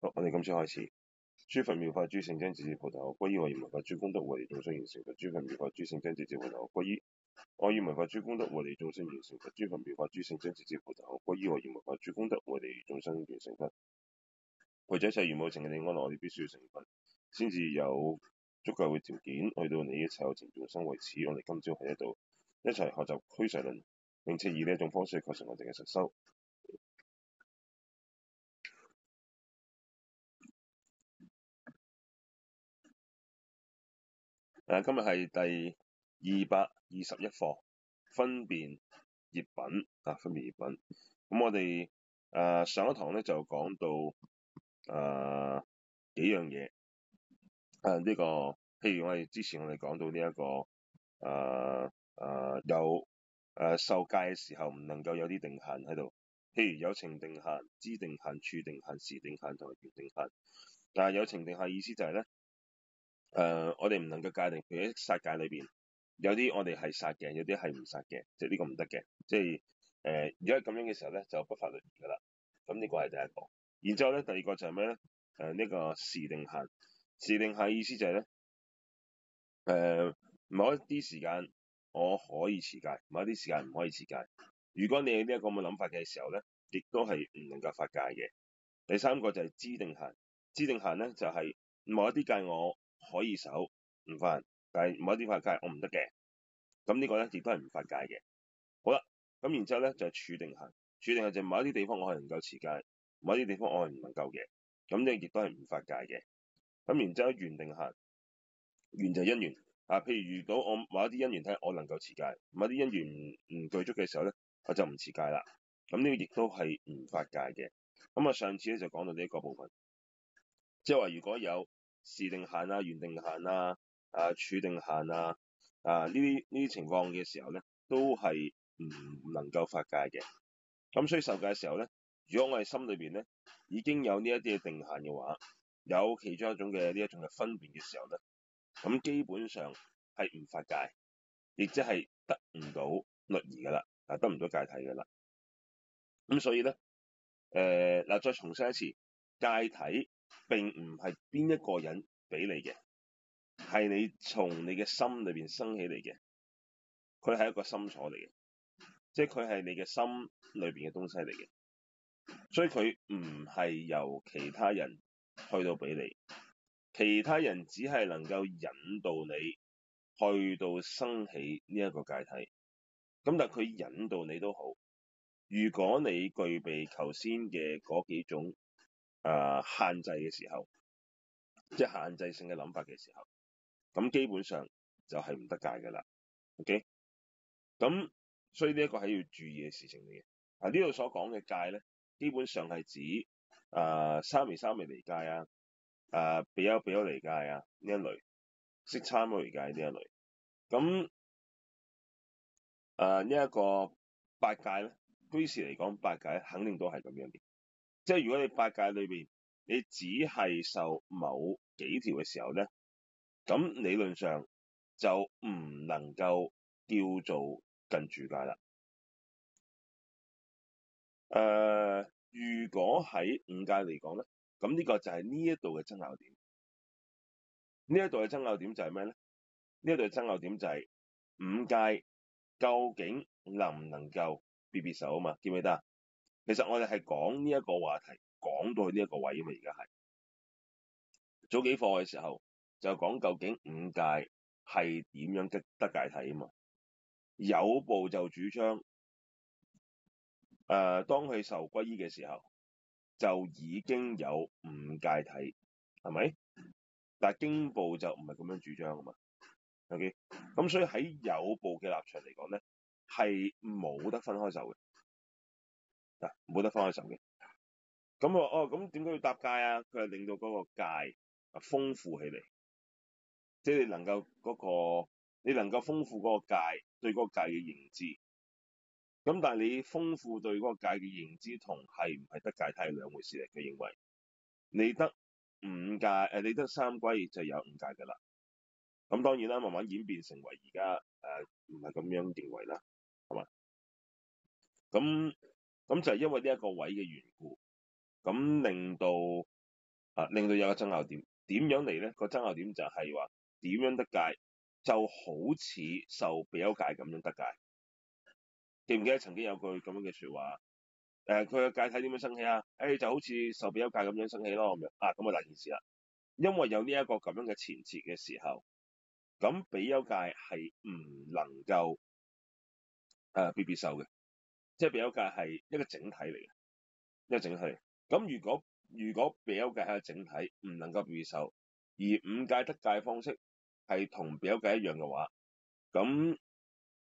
好，我哋今次開始。諸佛妙法，諸聖僧直接菩提歸依我以文化，諸功德，我哋眾生完成佛。諸佛妙法，諸聖僧直接菩提歸依我以文化，諸功德，我哋眾生完成佛。諸佛妙法，諸聖僧直接菩提歸依我以文化，諸功德，我哋眾生完成佛。為咗一切如母有情嘅利安樂，我哋必須要成佛，先至有足夠嘅條件去到你一切有情眾生為此，我哋今朝喺一度一齊學習俱舍論，並且以呢一種方式確我哋嘅實修。誒、啊，今日係第二百二十一課分別業品啊，分別業品。咁我哋誒、啊、上一堂咧就講到誒、啊、幾樣嘢。誒、啊、呢、這個，譬如我哋之前我哋講到呢、這、一個誒誒、啊啊、有誒受戒嘅時候唔能夠有啲定限喺度，譬如有情定限、支定限、處定限、時定限同埋緣定限。但係有情定限意思就係咧。誒、呃，我哋唔能夠界定佢喺殺戒裏邊有啲我哋係殺嘅，有啲係唔殺嘅，即係呢、是、個唔得嘅。即係誒，如果咁樣嘅時候咧，就不發律儀噶啦。咁呢個係第一個。然之後咧，第二個就係咩咧？誒、呃，呢、這個時定限，時定限意思就係咧，誒、呃，某一啲時間我可以持戒，某一啲時間唔可以持戒。如果你有呢一個咁嘅諗法嘅時候咧，亦都係唔能夠發戒嘅。第三個就係知定限，知定限咧就係、是、某一啲戒我。可以守唔犯，但係某一啲法界我唔得嘅，咁呢個咧亦都係唔發戒嘅。好啦，咁然之後咧就是、處定下，處定下就某啲地方我係能夠持戒，某啲地方我係唔能夠嘅，咁亦都係唔發戒嘅。咁然之後緣定下，緣就因緣啊。譬如如果我某啲因緣睇下我能夠持戒，某啲因緣唔唔具足嘅時候咧，我就唔持戒啦。咁呢個亦都係唔發戒嘅。咁啊，上次咧就講到呢一個部分，即係話如果有。時定限啊，緣定限啊，啊處定限啊，啊呢啲呢啲情況嘅時候咧，都係唔能夠發戒嘅。咁所以受戒嘅時候咧，如果我哋心裏邊咧已經有呢一啲嘅定限嘅話，有其中一種嘅呢一種嘅分別嘅時候咧，咁基本上係唔發戒，亦即係得唔到律儀噶啦，啊得唔到戒體噶啦。咁所以咧，誒、呃、嗱再重申一次，戒體，並唔係邊一個人俾你嘅，係你從你嘅心裏邊生起嚟嘅，佢係一個心所嚟嘅，即係佢係你嘅心裏邊嘅東西嚟嘅，所以佢唔係由其他人去到俾你，其他人只係能夠引導你去到生起呢一個戒體，咁但佢引導你都好，如果你具備頭先嘅嗰幾種。誒、呃，限制嘅時候，即係限制性嘅諗法嘅時候，咁基本上就係唔得戒噶啦，ok，咁所以呢一個係要注意嘅事情嚟嘅。啊，這裏呢度所講嘅戒咧，基本上係指誒、啊、沙彌沙彌尼戒啊，誒、啊、比丘比丘尼戒啊，呢一類，式叉摩那戒呢一類。咁誒呢一個八戒咧，居士嚟講八戒肯定都係咁樣嘅。即係如果你八戒裏面，你只係受某幾條嘅時候咧，咁理論上就唔能夠叫做近住戒啦。誒、呃，如果喺五戒嚟講咧，咁呢個就係呢一度嘅爭拗點。呢一度嘅爭拗點就係咩咧？呢一度嘅爭拗點就係五戒究竟能唔能夠別別受啊嘛？記唔記得啊？其實我哋係講呢一個話題，講到去呢一個位啊嘛，而家係早幾課嘅時候就講究竟五戒係點樣得戒體啊嘛。有部就主張誒、呃，當佢受歸依嘅時候就已經有五戒體，係咪？但經部就唔係咁樣主張啊嘛。OK，咁所以喺有部嘅立場嚟講咧，係冇得分開手嘅。冇得返去手嘅，咁啊，哦，咁點解要搭界啊？佢係令到嗰個戒啊豐富起嚟，即係你能夠嗰個，你能夠豐富嗰個戒對嗰個戒嘅認知。咁但係你豐富對嗰個戒嘅認知同係唔係得戒，係兩回事嚟。佢認為你得五戒，誒，你得三皈就有五戒噶啦。咁當然啦，慢慢演變成為而家誒唔係咁樣認為啦，係嘛？咁。咁就係因為呢一個位嘅緣故，咁令到啊，令到有個爭拗點。點樣嚟咧？個爭拗點就係話點樣得戒，就好似受比丘戒咁樣得戒。記唔記得曾經有句咁樣嘅説話？誒、呃，佢嘅戒體點樣生起啊？誒、欸，就好似受比丘戒咁樣生起咯，咁樣啊，咁啊大件事啦。因為有呢一個咁樣嘅前提嘅時候，咁比丘戒係唔能夠誒別別受嘅。即係比丘戒係一個整體嚟嘅，一個整體來。咁如果如果比丘戒係一個整體，唔能夠別受，而五戒得戒方式係同比丘戒一樣嘅話，咁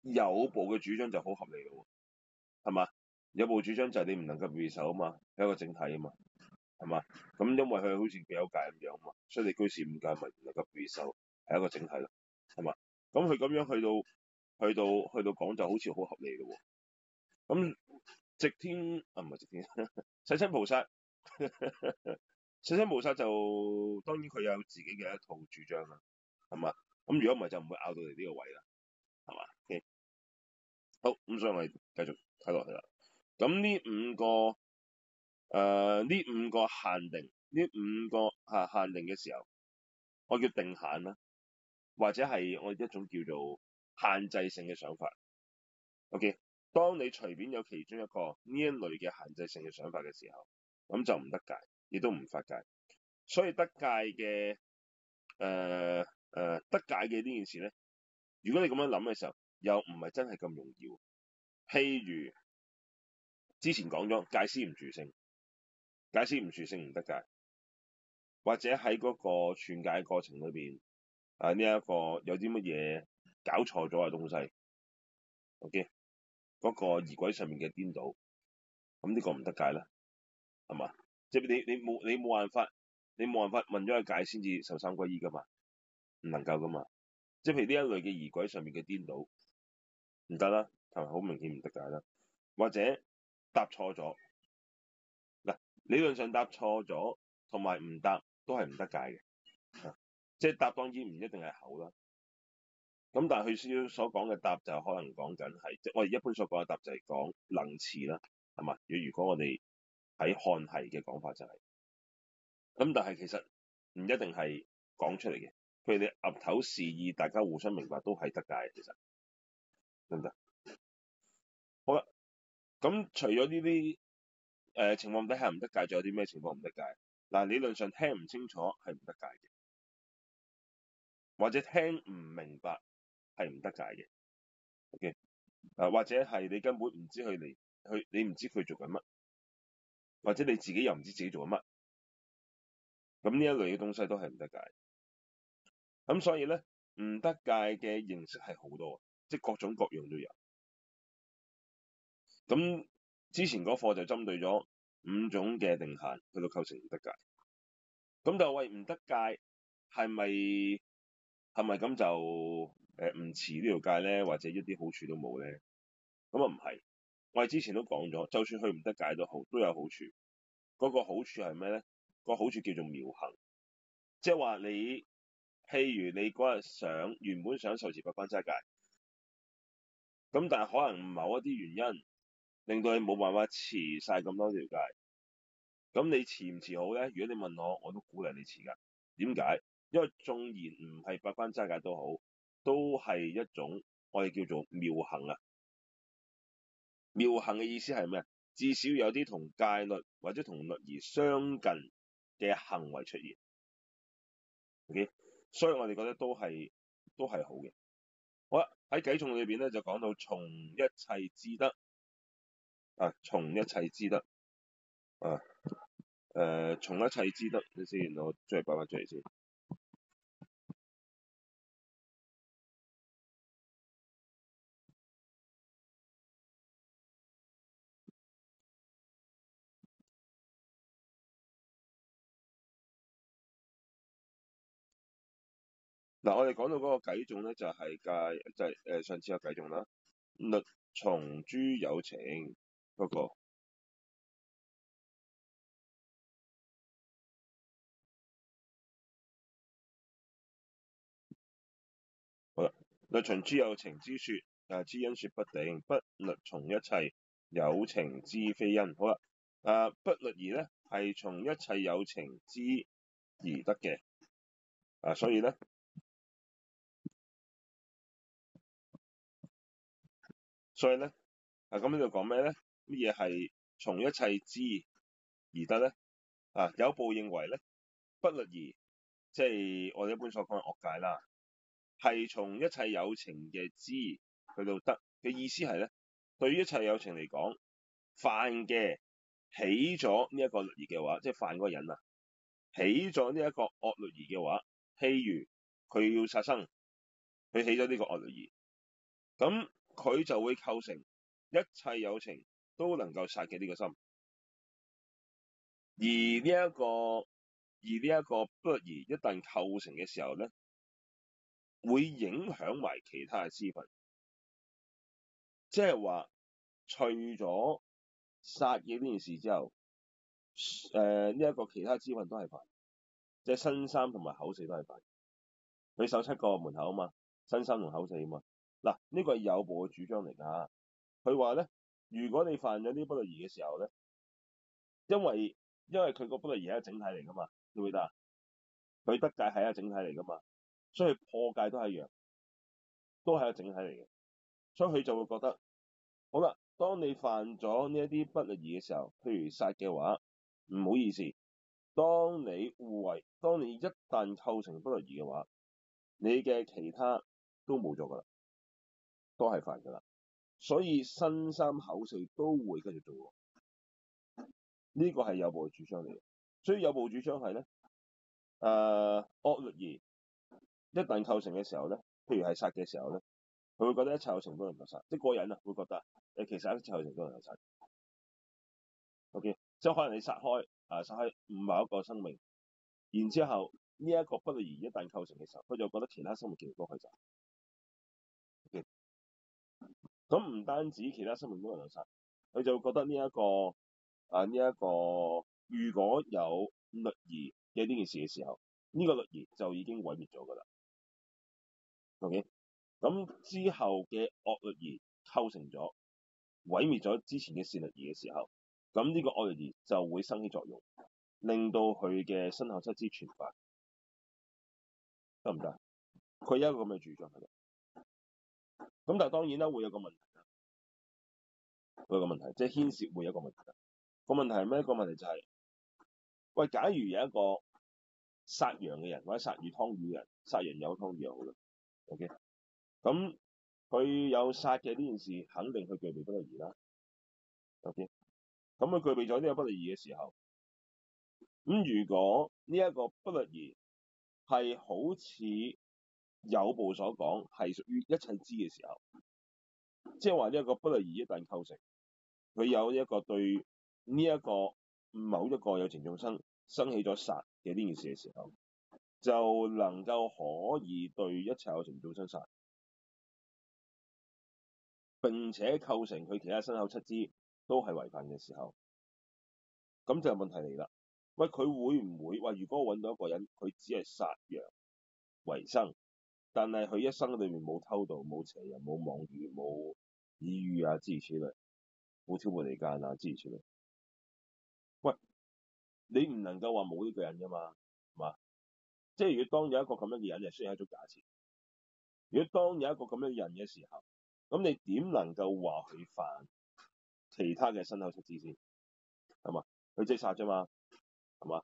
有部嘅主張就好合理咯，係嘛？有部主張就係你唔能夠別受啊嘛，係一個整體啊嘛，係嘛？咁因為佢好似比丘戒咁樣啊嘛，所以你居士五戒咪唔能夠別受，係一個整體咯，係嘛？咁佢咁樣去到去到去到,去到講就好似好合理嘅咁，直天啊，唔係直天，世、啊、親菩薩，世親菩薩就當然佢有自己嘅一套主張啦，係嘛？咁如果唔係就唔會拗到你呢個位啦，係嘛？Okay. 好，咁所以我哋繼續睇落去啦。咁呢五個誒，呢、呃、五個限定，呢五個限定嘅時候，我叫定限啦，或者係我一種叫做限制性嘅想法。OK。當你隨便有其中一個呢一類嘅限制性嘅想法嘅時候，咁就唔得戒，亦都唔發戒。所以得戒嘅，誒、呃、誒、呃、得戒嘅呢件事咧，如果你咁樣諗嘅時候，又唔係真係咁容易。譬如之前講咗，戒師唔殊勝，戒住解師唔殊勝唔得戒，或者喺嗰個串解過程裏面，啊呢一、這個有啲乜嘢搞錯咗嘅東西，OK。嗰個儀軌上面嘅顛倒，咁呢個唔得戒啦，係嘛？即係你你冇，你冇辦法，你冇辦法問咗個戒先至受三歸依噶嘛，唔能夠噶嘛。即係譬如呢一類嘅儀軌上面嘅顛倒，唔得啦，係咪好明顯唔得戒啦？或者答錯咗嗱，理論上答錯咗同埋唔答都係唔得戒嘅，即係答當然唔一定係口啦。咁、嗯、但係佢需要所講嘅答就可能講緊係，即我哋一般所講嘅答就係講能詞啦，係嘛？如果如果我哋喺漢系嘅講法就係、是，咁、嗯、但係其實唔一定係講出嚟嘅，譬如你岌頭示意，大家互相明白都係得戒嘅，其實得唔得？好啦，咁、嗯、除咗呢啲情況底下唔得戒，仲有啲咩情況唔得戒？嗱理論上聽唔清楚係唔得戒嘅，或者聽唔明白。係唔得戒嘅，OK？啊，或者係你根本唔知佢嚟，去你唔知佢做緊乜，或者你自己又唔知自己做緊乜，咁呢一類嘅東西都係唔得戒。咁所以咧，唔得戒嘅形式係好多，即係各種各樣都有。咁之前嗰課就針對咗五種嘅定限，去到構成唔得戒。咁就喂，唔得戒係咪係咪咁就？誒、呃，唔持呢條戒咧，或者一啲好處都冇咧？咁啊唔係，我哋之前都講咗，就算去唔得戒都好，都有好處。嗰、那個好處係咩咧？那個好處叫做妙行，即係話你，譬如你嗰日想原本想受持八關齋戒，咁但係可能某一啲原因令到你冇辦法持晒咁多條戒，咁你持唔持好咧？如果你問我，我都鼓勵你持噶。點解？因為縱然唔係八關齋戒都好。都係一種我哋叫做妙行啊。妙行嘅意思係咩？至少有啲同戒律或者同律儀相近嘅行為出現。OK，所以我哋覺得都係都係好嘅。好啦，喺偈中裏邊咧就講到從一切支得啊，從一切支得啊，誒、呃，從一切支得先，先，我將嚟講翻出嚟先。嗱、啊，我哋講到嗰個偈頌咧，就係、是、偈，就係、是、誒、呃、上次個偈頌啦。律從諸有情，不過，好啦，律從諸有情之說，誒、啊、支因說不定，不律從一切有情支非因。好啦，誒、啊、不律儀呢，係從一切有情支而得嘅，啊，所以咧。所以咧，啊咁呢度講咩咧？乜嘢係從一切支而得咧？啊有部認為咧不律儀，即係我哋一般所講嘅惡戒啦，係從一切有情嘅支去到得嘅，意思係咧，對於一切有情嚟講，犯嘅起咗呢一個律儀嘅話，即係犯嗰個人啊，起咗呢一個惡律儀嘅話，譬如佢要殺生，佢起咗呢個惡律儀，咁。佢就會構成一切有情都能夠殺嘅呢個心而、呢個，而呢一個而呢一個不二一旦構成嘅時候咧，會影響埋其他嘅支分，即係話除咗殺嘅呢件事之後，誒呢一個其他支分都係犯，即、就、係、是、身三同埋口四都係犯。佢守七個門口啊嘛，身三同口四啊嘛。嗱，呢個係有部嘅主張嚟噶。佢話咧，如果你犯咗呢不律儀嘅時候咧，因為因為佢個不律儀係一個整體嚟噶嘛，你會得佢得戒係一個整體嚟噶嘛，所以破戒都係一樣，都係一個整體嚟嘅。所以佢就會覺得，好啦，當你犯咗呢一啲不律儀嘅時候，譬如殺嘅話，唔好意思，當你護衛，當你一旦構成不律儀嘅話，你嘅其他都冇咗噶啦。都係犯㗎啦，所以身三口四都會繼續做喎。呢、這個係有部嘅主張嚟嘅，所以有部主張係咧，誒惡律儀一旦構成嘅時候咧，譬如係殺嘅時候咧，佢會覺得一切有情都能夠殺，即係個人啊會覺得誒其實一切有情都能夠殺。O K，即係可能你殺開啊殺開某一個生命，然之後呢一、這個不律儀一旦構成嘅時候，佢就覺得其他生命其實都可以殺。咁唔單止其他生命都係有殺，佢就會覺得呢、這、一個啊呢一、這個如果有律儀嘅呢件事嘅時候，呢、這個律儀就已經毀滅咗噶啦，OK？咁之後嘅惡律儀構成咗毀滅咗之前嘅善律儀嘅時候，咁呢個惡律儀就會生起作用，令到佢嘅身後七支全發，得唔得？佢有一個咁嘅主張嘅。咁但係當然啦，會有個問題會有個問題，即係牽涉會有個問題啦。個問題係咩？個問題就係、是，喂，假如有一個殺羊嘅人，或者殺魚湯魚嘅人，殺羊有湯魚好啦 OK 咁佢有殺嘅呢件事，肯定佢具備不律儀啦，OK，咁佢具備咗呢個不律儀嘅時候，咁如果呢一個不律儀係好似，有部所講係屬於一切支嘅時候，即係話一個不律儀一旦構成佢有一個對呢一個某一個有情眾生生起咗殺嘅呢件事嘅時候，就能夠可以對一切有情眾生殺，並且構成佢其他身口七支都係違犯嘅時候，咁就係問題嚟啦。喂，佢會唔會？喂，如果我揾到一個人，佢只係殺羊為生。但係佢一生裏面冇偷盜、冇邪淫、又冇妄語、冇意欲啊，諸如此類的，冇挑撥離間啊，諸如此類。喂，你唔能夠話冇呢個人㗎嘛，係嘛？即係如果當有一個咁樣嘅人，係需要一種假設。如果當有一個咁樣嘅人嘅時候，咁你點能夠話佢犯其他嘅身口七支先？係嘛？佢即殺啫嘛，係嘛？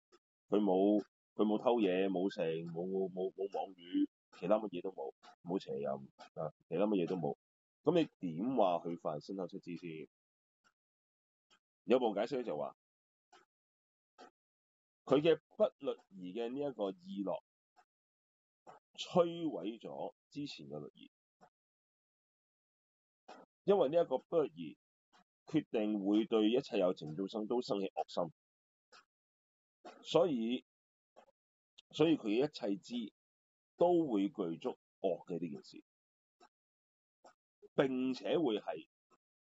佢冇佢冇偷嘢、冇邪、冇冇冇冇妄語。其他乜嘢都冇，唔好邪淫啊！其他乜嘢都冇，咁你點話佢犯身口七支先？有部解釋就話，佢嘅不律儀嘅呢一個意樂，摧毀咗之前嘅律儀，因為呢一個不律儀決定會對一切有情眾生都生起惡心，所以所以佢一切支。都會具足惡嘅呢件事，並且會係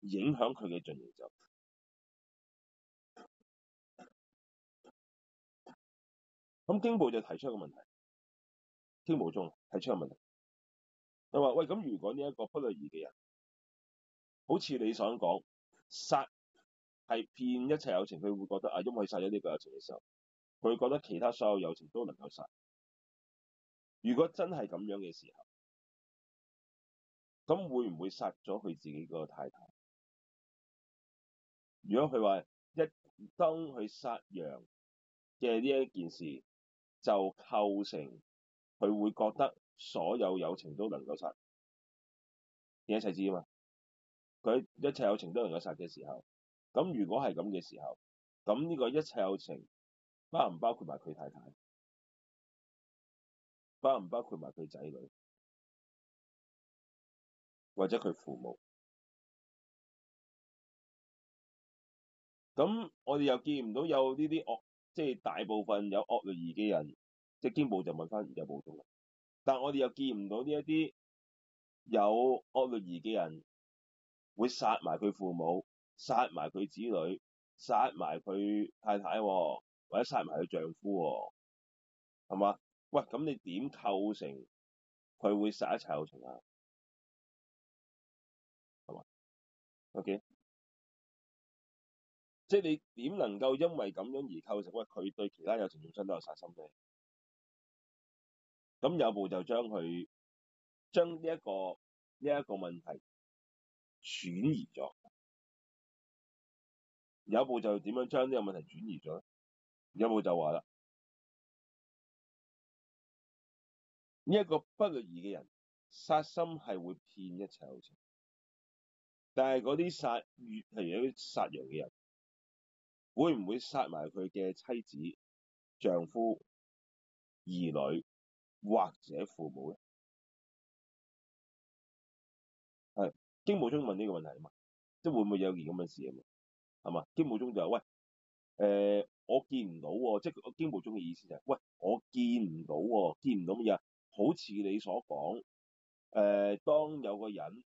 影響佢嘅進步。就咁經部就提出一個問題，經部仲提出一個問題，佢話：喂，咁如果呢一個不律儀嘅人，好似你想講殺係遍一切有情，佢會覺得啊，因為殺咗呢個有情嘅時候，佢覺得其他所有有情都能夠殺，如果真係咁樣嘅時候，咁會唔會殺咗佢自己個太太？如果佢話一當佢殺羊嘅呢一件事，就構成佢會覺得所有有情都能夠殺，你一齊知嘛？佢一切有情都能夠殺嘅時候，咁如果係咁嘅時候，咁呢個一切有情包唔包括埋佢太太？包唔包括埋佢仔女，或者佢父母？咁我哋又見唔到有呢啲惡，即係大部分有惡律儀嘅人，即係經部就問翻家冇中。但係我哋又見唔到呢一啲有惡律儀嘅人會殺埋佢父母、殺埋佢子女、殺埋佢太太，或者殺埋佢丈夫，係嘛？喂，咁你點構成佢會殺一切有情啊？o、okay? k 即係你點能夠因為咁樣而構成，喂，佢對其他有情親親都有殺心嘅？咁有部就將佢將呢一個呢一、這個問題轉移咗。有部就點樣將呢個問題轉移咗咧？有部就話啦。呢一個不律儀嘅人殺心係會遍一切有情，但係嗰啲殺越係嗰啲殺羊嘅人，會唔會殺埋佢嘅妻子、丈夫、兒女或者父母咧？係，經部中問呢個問題啊嘛，即係會唔會有件咁嘅事啊嘛，係嘛？經部中就話：，喂，誒、呃，我見唔到、哦，即係經部中嘅意思就係、是：，喂，我見唔到、哦，見唔到乜嘢？好似你所講，誒、呃，當有個人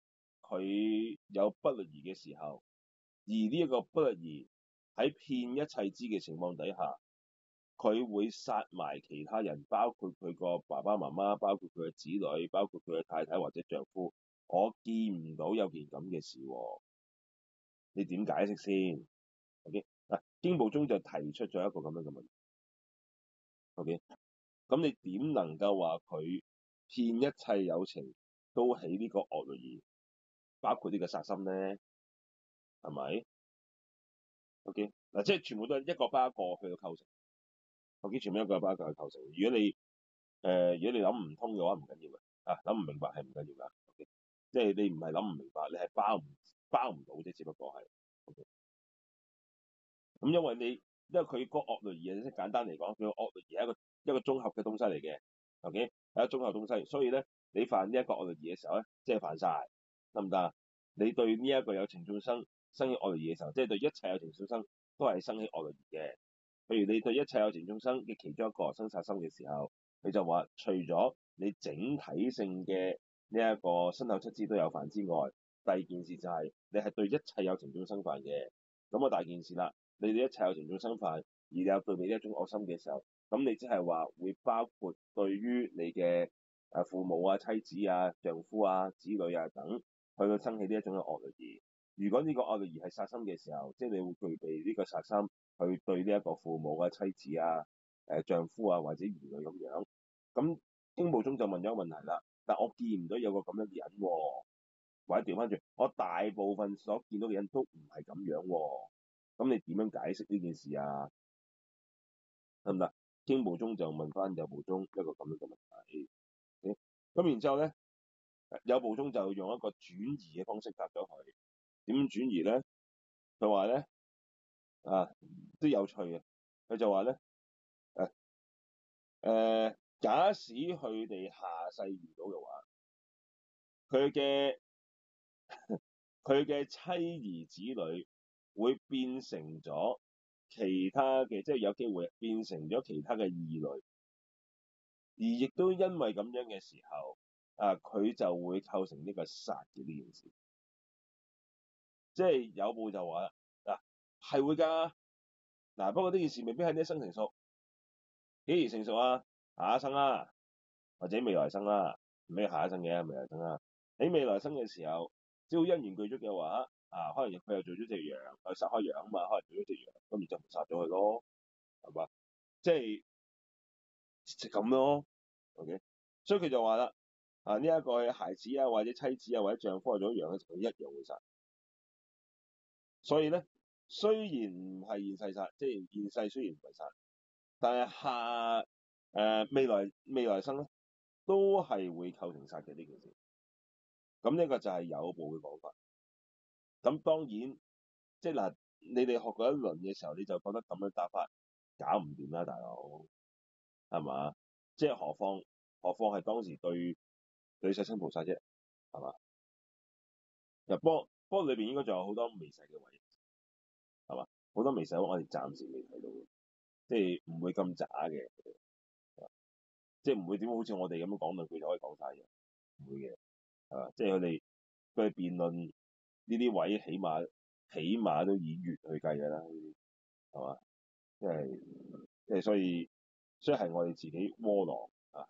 佢有不律儀嘅時候，而呢一個不律儀喺遍一切支嘅情況底下，佢會殺埋其他人，包括佢個爸爸媽媽，包括佢嘅子女，包括佢嘅太太或者丈夫。我見唔到有件咁嘅事喎、哦，你點解釋先？OK 嗱、啊，經部中就提出咗一個咁樣嘅問題。OK。咁你點能夠話佢遍一切有情都起呢個惡律儀，包括呢個殺心呢？係咪？OK 嗱，即係全部都係一個包一個去到構成。OK，全部一個包一個去構成。如果你誒，如果你諗唔、呃、通嘅話，唔緊要嘅啊，諗唔明白係唔緊要㗎。OK，即係你唔係諗唔明白，你係包唔包唔到啫，只不過係。咁、okay。因為你因為佢個個惡律儀啊，係簡單嚟講，佢惡律儀係一個。一個綜合嘅東西嚟嘅，OK，係一個綜合東西，所以咧，你犯呢一個惡律儀嘅時候咧，即係犯晒，得唔得啊？你對呢一個有情眾生生起惡律儀嘅時候，即係對一切有情眾生都係生起惡律儀嘅。譬如你對一切有情眾生嘅其中一個生殺心嘅時候，你就話除咗你整體性嘅呢一個身語七支都有犯之外，第二件事就係你係對一切有情眾生犯嘅，咁啊大件事啦，你對一切有情眾生犯而你又對呢一種惡心嘅時候。咁你即係話會包括對於你嘅誒父母啊、妻子啊、丈夫啊、子女啊等去到生起呢一種嘅惡律儀，如果呢個惡律儀係殺心嘅時候，即係你會具備呢個殺心去對呢一個父母啊、妻子啊、誒、呃、丈夫啊或者兒女咁樣，咁經部宗就問咗個問題啦，但我見唔到有個咁樣嘅人，哦，或者調翻轉，我大部分所見到嘅人都唔係咁樣，哦，咁你點樣解釋呢件事啊？得唔得？經部宗就問翻有部宗一個咁樣嘅問題，咁然之後咧，有部宗就用一個轉移嘅方式答咗佢，點轉移咧？佢話咧，啊，都有趣嘅，佢就話咧，誒、啊、誒、呃，假使佢哋下世遇到嘅話，佢嘅佢嘅妻兒子女會變成咗。其他嘅即係有機會變成咗其他嘅異類，而亦都因為咁樣嘅時候，啊，佢就會構成呢個殺嘅呢件事。即係有部就話嗱係會噶、啊，嗱，不過呢件事未必喺呢一生成熟，幾時成熟啊？下一生啦、啊，或者未來生啦、啊，唔係下一生嘅、啊、未來生啦、啊，喺未來生嘅時候，只要因緣具足嘅話。啊，可能佢又做咗隻羊，佢殺開羊啊嘛，可能做咗隻羊，咁然就唔殺咗佢咯，係嘛？即係咁咯，ok。所以佢就話啦，啊呢一個孩子啊，或者妻子啊，或者丈夫做咗羊咧，佢一樣會殺。所以咧，雖然唔係現世殺，即係現世雖然唔會殺，但係下誒、呃、未來未來生咧，都係會構成殺嘅呢件事。咁呢個就係有部嘅講法。咁當然，即嗱，你哋學過一輪嘅時、時候，你就覺得咁樣打法搞唔掂啦，大佬，係嘛？即係何況何況係當時對 對世親菩薩啫，係嘛？入幫幫裏邊應該仲有好多微細嘅位，係嘛？好多微細位我哋暫時未睇到嘅，即唔會咁渣嘅，即係唔會點好似我哋咁樣講論，佢就可以講曬嘅，唔會嘅，啊，即佢哋嘅辯論。呢啲位起碼起碼都以月去計㗎啦，係嘛？即係即係所以，所以係我哋自己窩囊啊，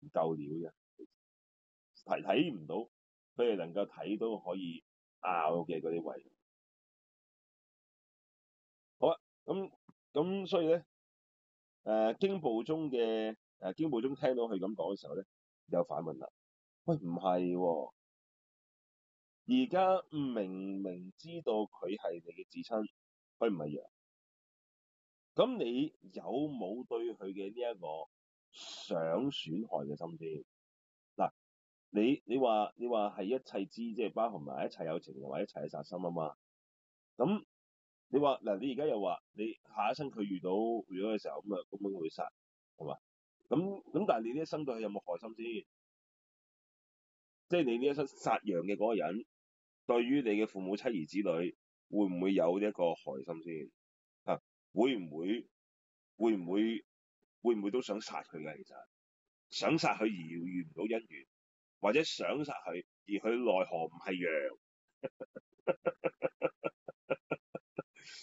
唔夠料啫，睇睇唔到，佢哋能夠睇到可以拗嘅嗰啲位。好啊，咁咁所以咧，誒、呃、經部中嘅誒經部中聽到佢咁講嘅時候咧，有反問啦，喂，唔係喎。而家明明知道佢係你嘅至親，佢唔係羊，咁你有冇對佢嘅呢一個想損害嘅心先？嗱，你你話你話係一切支，即係包含埋一切有情，又或者一切有殺心啊嘛？咁你話嗱，你而家又話你下一生佢遇到遇到嘅時候咁啊，根本會殺係嘛？咁咁但係你呢一生對佢有冇害心先？即係你呢一生殺羊嘅嗰個人。對於你嘅父母、妻兒、子女，會唔會有呢一個害心先？啊，會唔會？會唔會？會唔會都想殺佢嘅？其實想殺佢而要遇唔到因緣，或者想殺佢而佢奈何唔係羊，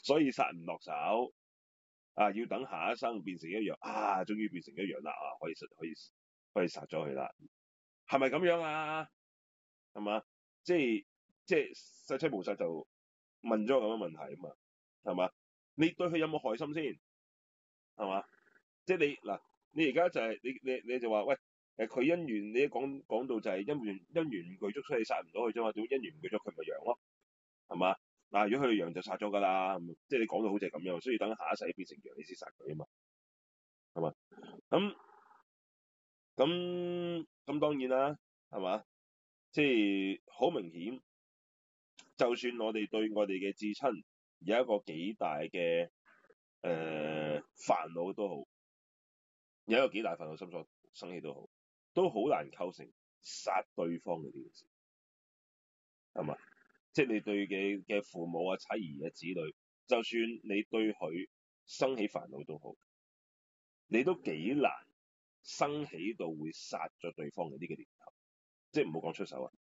所以殺唔落手。啊，要等下一生變成一羊，啊，終於變成一羊啦，啊，可以殺了了，可以可以殺咗佢啦，係咪咁樣啊？係嘛，即係。即係殺妻無殺就問咗個咁嘅問題啊嘛，係嘛？你對佢有冇害心先？係嘛？即係你嗱，你而家就係、是、你你你就話喂誒，佢姻緣你一講講到就係因緣因緣具足，所以殺唔到佢啫嘛。點因緣具足，佢咪羊咯？係嘛？嗱、啊，如果佢係羊就殺咗㗎啦。即係你講到好似係咁樣，所以等下一世變成羊你先殺佢啊嘛。係嘛？咁咁咁當然啦，係嘛？即係好明顯。就算我哋對我哋嘅至親有一個幾大嘅誒、呃、煩惱都好，有一個幾大煩惱心所生起都好，都好難構成殺對方嘅呢件事，係嘛？即、就、係、是、你對佢嘅父母啊、妻兒啊、子女，就算你對佢生起煩惱都好，你都幾難生起到會殺咗對方嘅呢個念頭，即係唔好講出手啊，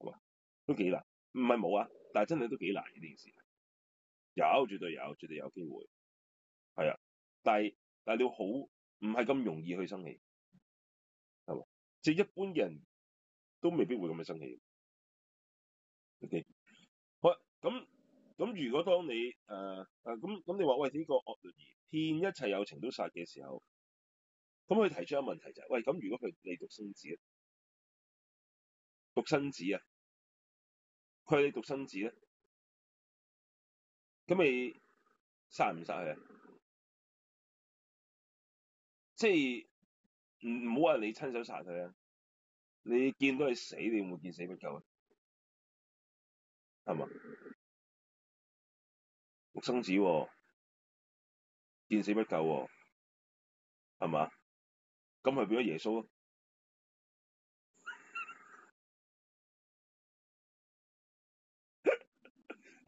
係嘛？都幾難。唔係冇啊，但係真係都幾難呢件事。有，絕對有，絕對有機會。係啊，但係但係你好唔係咁容易去生氣，係即係一般人都未必會咁樣生氣。O、OK? K，好咁咁，如果當你誒誒咁咁，呃、你話喂呢、這個惡律儀遍一切有情都殺嘅時候，咁佢提出一個問題就係、是：喂，咁如果佢係獨生子啊，獨生子啊？佢係獨生子咧，咁你殺唔殺佢？即係唔好話你親手殺佢。你見到佢死，你會見、啊、見死不救啊？係嘛？獨生子喎，見死不救喎，係嘛？咁佢變咗耶穌。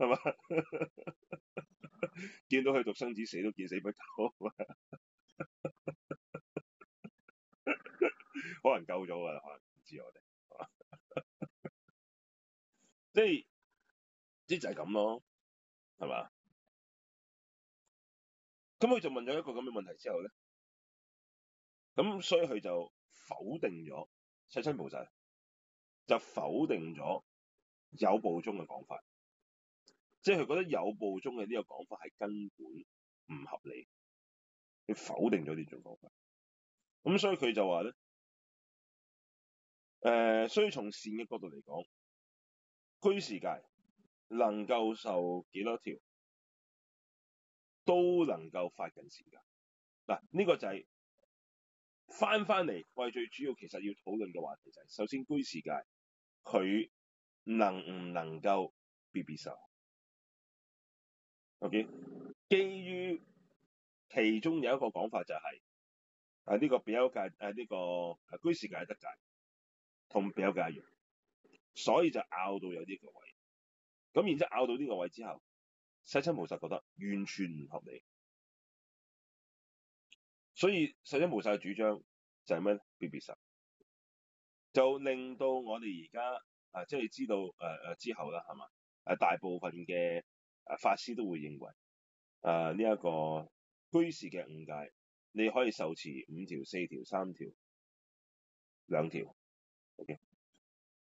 係嘛？ 見到佢獨生子死都見死不救 可能救咗嘅，可能唔知我哋。即係即就係、是、咁、就是、咯，係嘛？咁佢就問咗一個咁嘅問題之後咧，咁所以佢就否定咗世親菩薩，就否定咗有部宗嘅講法。即係佢覺得有部宗嘅呢個講法係根本唔合理，佢否定咗呢種講法。咁所以佢就話咧，誒、呃，所以從善嘅角度嚟講，居士戒能夠受幾多條，都能夠發近事戒。嗱、啊，呢、這個就係返返嚟，我哋最主要其實要討論嘅話題就係：首先，居士戒，佢能唔能夠 B B 受？O.K. 基於其中有一個講法就係、是、啊呢、這個比丘戒啊呢、這個啊居士戒得戒同比丘戒一樣，所以就拗到有呢個位，咁然之後拗到呢個位之後，世親菩薩覺得完全唔合理，所以世親菩薩嘅主張就係咩呢？別別十就令到我哋而家啊即係知道誒誒、啊啊、之後啦係嘛啊大部分嘅。啊，法師都會認為，誒呢一個居士嘅五戒，你可以受持五條、四條、三條、兩條，OK，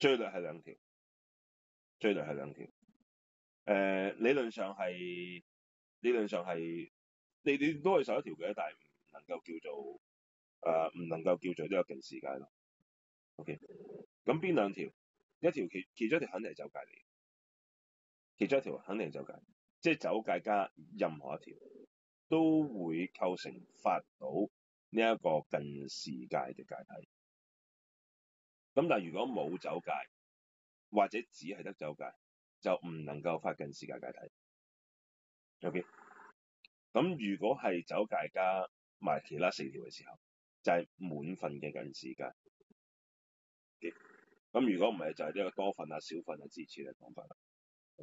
最劣係兩條，最劣係兩條，誒、呃、理論上係理論上係你你都可以受一條嘅，但係唔能夠叫做，誒、呃、唔能夠叫做呢個近事戒咯，OK，咁邊兩條？一條其其中一條肯定係酒戒嚟。其中一條肯定係酒戒，即係酒戒加任何一條都會構成發到呢一個近事戒嘅戒體。咁但係如果冇酒戒或者只係得酒戒，就唔能夠發近事戒戒體。OK。咁如果係酒戒加埋其他四條嘅時候，就係、是、滿分嘅近事戒。咁如果唔係，就係呢個多分啊、少分啊之類嘅講法。咁、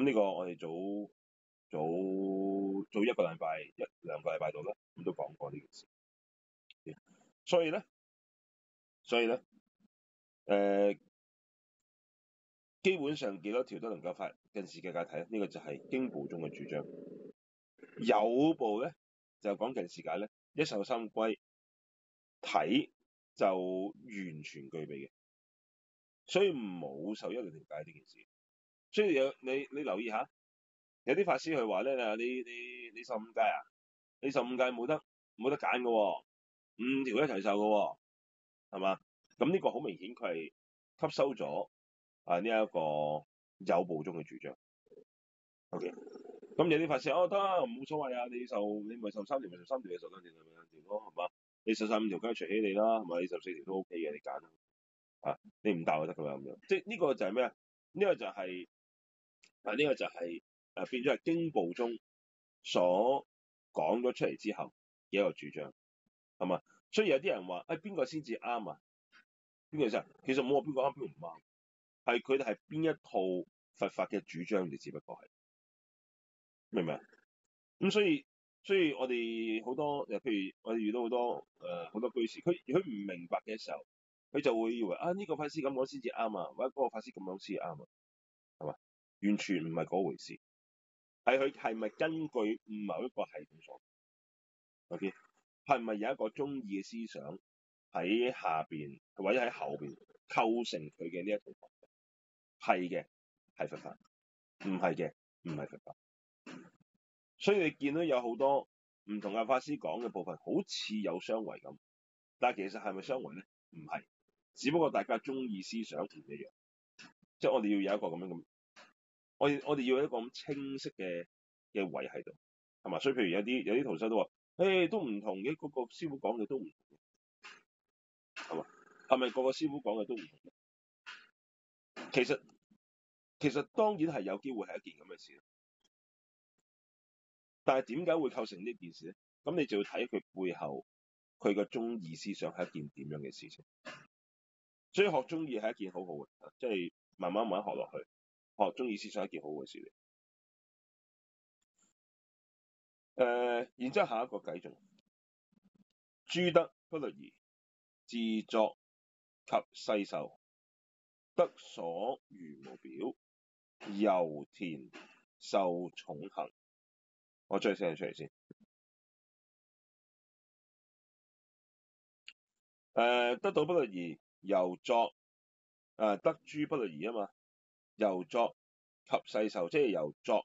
okay, 呢個我哋早早早一個禮拜一兩個禮拜度咧，咁都講過呢件事。所以咧，所以咧，誒、呃，基本上幾多條都能夠發近事戒嘅戒體。呢個就係經部中嘅主張。有部咧就講近事戒咧，一受三歸體就完全具備嘅，所以冇受一兩條戒呢件事。所以有你你留意一下，有啲法師佢話咧啊，你你你受五戒啊，你受五戒冇得冇得揀噶，五條一齊受噶，係嘛？咁呢個好明顯佢係吸收咗啊呢一個有部宗嘅主張。O K. 咁有啲法師哦得冇所謂啊，你受你咪受三條咪受三條，咪受三條咪兩條咯，係嘛？你受晒五條梗除起你啦，同埋你受四條都 O K 嘅，你揀啊，你唔就得噶嘛咁樣。即係呢個就係咩啊？呢個就係、是。嗱、啊、呢、這個就係、是、誒、啊、變咗係經部中所講咗出嚟之後嘅一個主張，係嘛？所以有啲人話，誒邊個先至啱啊？邊個先？其實冇話邊個啱，邊個唔啱，係佢哋係邊一套佛法嘅主張，你只不過係明唔明。咁所以，所以我哋好多，譬如我哋遇到好多誒好、呃、多居士，佢佢唔明白嘅時候，佢就會以為啊、呢、這個法師咁講先至啱啊，或者嗰個法師咁講先至啱啊，係嘛？完全唔係嗰回事，係佢，係咪根據某一個系統所？OK，係咪有一個中意嘅思想喺下邊或者喺後邊構成佢嘅呢一套？係嘅，係佛法；唔係嘅，唔係佛法。所以你見到有好多唔同阿法師講嘅部分，好似有相違咁，但係其實係咪相違咧？唔係，只不過大家中意思想唔一樣，即係我哋要有一個咁樣咁。我哋要一個咁清晰嘅嘅位喺度，同埋所以譬如有啲有啲徒生都話，誒都唔同嘅，個個師傅講嘅都唔同，係嘛？係咪個個師傅講嘅都唔同？其實其實當然係有機會係一件咁嘅事，但係點解會構成呢件事咧？咁你就要睇佢背後佢嘅中意思想係一件點樣嘅事情。所以學中意係一件好好嘅，即係慢慢慢慢學落去。學中意思想一件好嘅事嚟。誒、呃，然之後下一個繼續。諸得不律儀，由作及誓受，得所餘無表，由田受重行。我再先出嚟先。誒、呃，得到不律儀由作，誒、呃，得諸不律儀啊嘛。由作及誓受，即係由作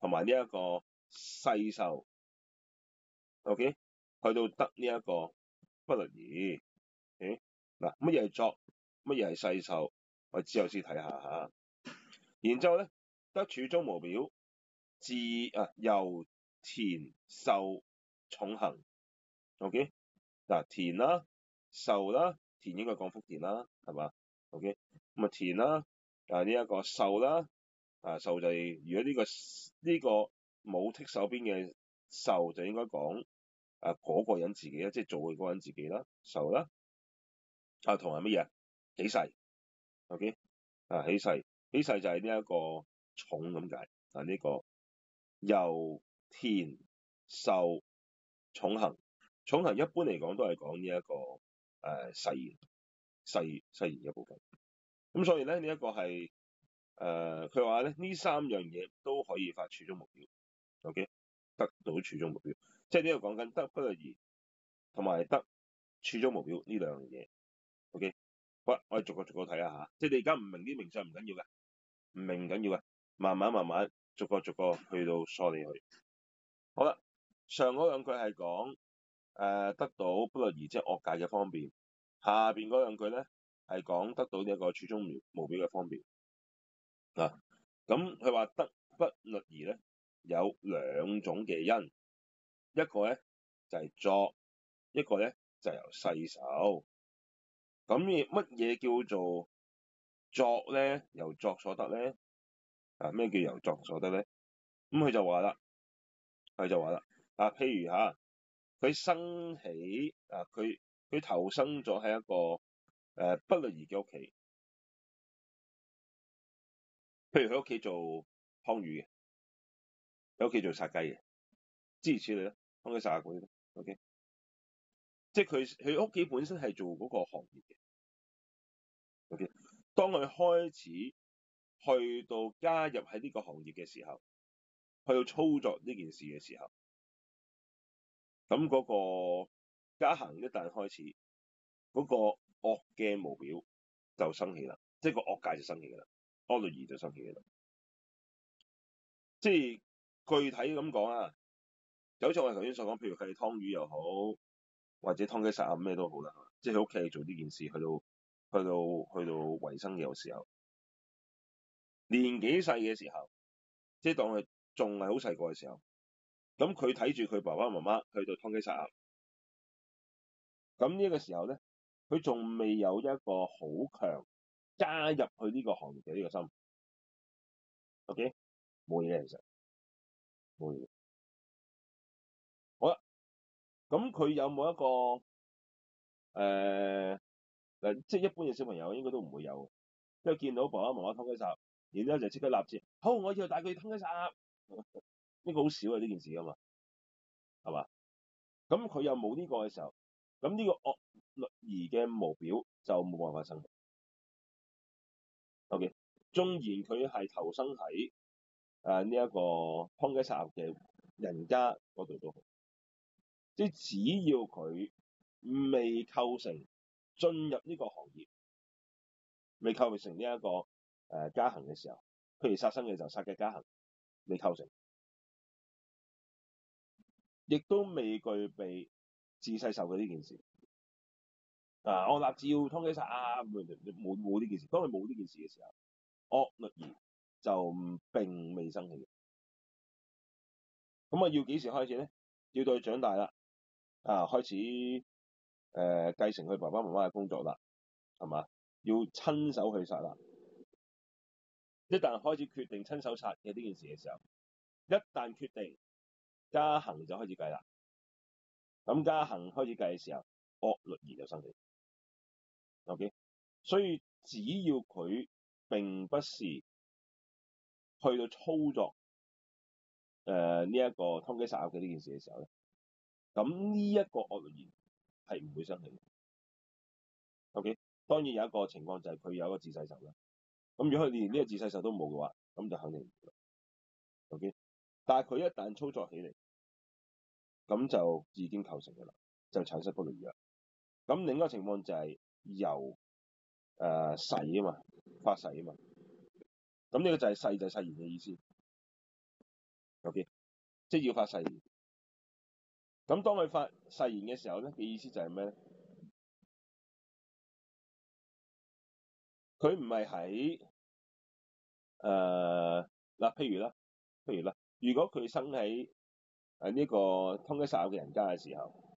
同埋呢一個誓受，OK，去到得呢一個不律儀。哎，嗱，乜嘢係作，乜嘢係誓受？我之後先睇下嚇，然之後咧，得處中無表，自啊，由田受重行，OK，嗱，田啦，受啦，田應該講福田啦，係嘛？OK，咁啊，田啦。啊！呢、這、一個受啦，啊受就係、是、如果呢、這個呢、這個冇剔手邊嘅受，就應該講啊嗰、那個人自己即係做嘅嗰個人自己啦，受啦。啊，同係乜嘢？起誓，OK？啊，起誓，起誓就係呢一個重咁解。啊，呢、這個由田受重行，重行一般嚟講都係講呢一個誒誓言，誓誓言嘅部分。咁所以咧，這個呃、呢一個係誒，佢話咧，呢三樣嘢都可以發處中無表，OK，得到處中無表，即係呢度講緊得不律儀，同埋得處中無表呢兩樣嘢，OK，好，我哋逐個逐個睇一下，即係你而家唔明啲名相唔緊要嘅，唔明唔緊要嘅，慢慢慢慢逐個逐個去到梳理去。好啦，上嗰兩句係講誒、呃、得到不律儀，即係惡戒嘅方便，下邊嗰兩句咧，係講得到一個處中無表嘅方便啊，咁佢話得不律儀咧，有兩種嘅因，一個咧就係、是、作，一個咧就是、由誓受。咁乜嘢叫做作咧？由作所得咧？啊，咩叫由作所得咧？咁佢就話啦，佢就話啦，啊，譬如吓，佢生起啊，佢佢投生咗喺一個。誒、呃，不律儀嘅屋企，譬如佢屋企做劏魚嘅，佢屋企做殺雞嘅，諸如此類啦，劏雞，殺下鬼 o、OK? k 即係佢佢屋企本身係做嗰個行業嘅，OK，當佢開始去到加入喺呢個行業嘅時候，去到操作呢件事嘅時候，咁嗰個加行一旦開始，嗰、那個。惡嘅無表就生起啦，即係個惡戒就生起噶啦，惡律儀就生起噶啦。即係具體咁講啊，就好似我哋頭先所講，譬如係湯魚又好，或者湯雞殺鴨咩都好啦，即係喺屋企做呢件事，去到去到去到維生嘅時候，年紀細嘅時候，即係當佢仲係好細個嘅時候，咁佢睇住佢爸爸媽媽去到湯雞殺鴨，咁呢個時候咧。佢仲未有一個好強加入去呢個行業嘅呢個心，OK？冇嘢嘅其實，冇嘢。好啦，咁佢有冇一個誒？即、呃就是、一般嘅小朋友應該都唔會有，因為見到爸爸媽媽通雞雜，然之後就即刻立志，好、oh, 我要帶佢通雞雜，呢 個好少啊！呢件事啊嘛，係嘛？咁佢又冇呢個嘅時候，咁呢、這個律儀嘅無表就冇辦法 OK，而他是生。O K，縱然佢係投生喺誒呢一個空嘅殺業嘅人家嗰度都好，即係只要佢未構成進入呢個行業，未構成呢、這、一個誒加行嘅時候，譬如殺生嘅時候，殺嘅加行，未構成，亦都未具備自細受嘅呢件事。啊！我立志要劏死佢啊！冇冇呢件事，當佢冇呢件事嘅時候，惡律儀就不並未生氣。咁啊，要幾時開始咧？要到佢長大啦，啊，開始誒繼、呃、承佢爸爸媽媽嘅工作啦，係嘛？要親手去殺啦。一旦開始決定親手殺嘅呢件事嘅時候，一旦決定，加行就開始計啦。咁加行開始計嘅時候，惡律儀就生起。OK，所以只要佢並不是去到操作誒呢一個劏雞殺鴨嘅呢件事嘅時候咧，咁呢一個惡律儀係唔會生起嘅。OK，當然有一個情況就係佢有一個自誓受啦。咁如果佢連呢個自誓受都冇嘅話，咁就肯定唔會啦。OK，但係佢一旦操作起嚟，咁就已經構成嘅啦，就產生不律儀罪惡。咁另一個情況就係、是。由誒、呃、誓啊嘛，發誓啊嘛，咁呢個就係誓就係、誓言嘅意思，OK？即係要發誓言。咁當佢發誓言嘅時候咧，嘅意思就係咩咧？佢唔係喺誒嗱，譬如啦，譬如啦，如果佢生喺誒呢個通一手嘅人家嘅時候。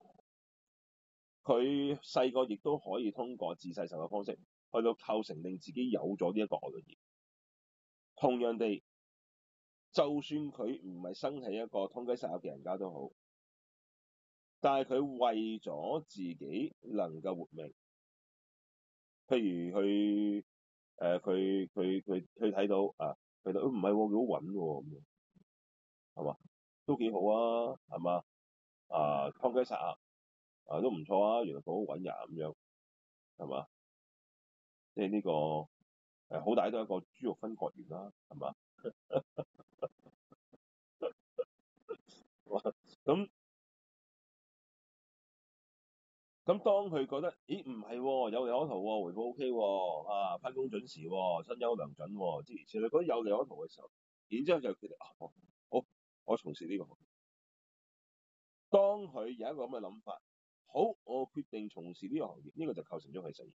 佢細個亦都可以通過自細受嘅方式去到構成，令自己有咗呢一個外在。同樣地，就算佢唔係生喺一個劏雞殺鴨嘅人家都好，但係佢為咗自己能夠活命，譬如佢誒佢佢佢去睇到啊，佢話：，唔係好揾喎咁樣，係嘛、哦哦，都幾好啊，係嘛，啊，劏雞殺鴨。啊，都唔錯啊，原來好搵人咁樣，係嘛？即係呢個好大都係一個豬肉分割員啦，係嘛？咁 咁當佢覺得，咦，唔係、哦、有利可圖喎、哦，回報 O K 喎，啊，返工準時喎、哦，薪優良準喎、哦，即係其實覺得有利可圖嘅時候，然之後就決定、啊、好，好，我從事呢、呢個。當佢有一個咁嘅諗法。好，我決定從事呢個行業，呢、這個就構成咗佢誓言。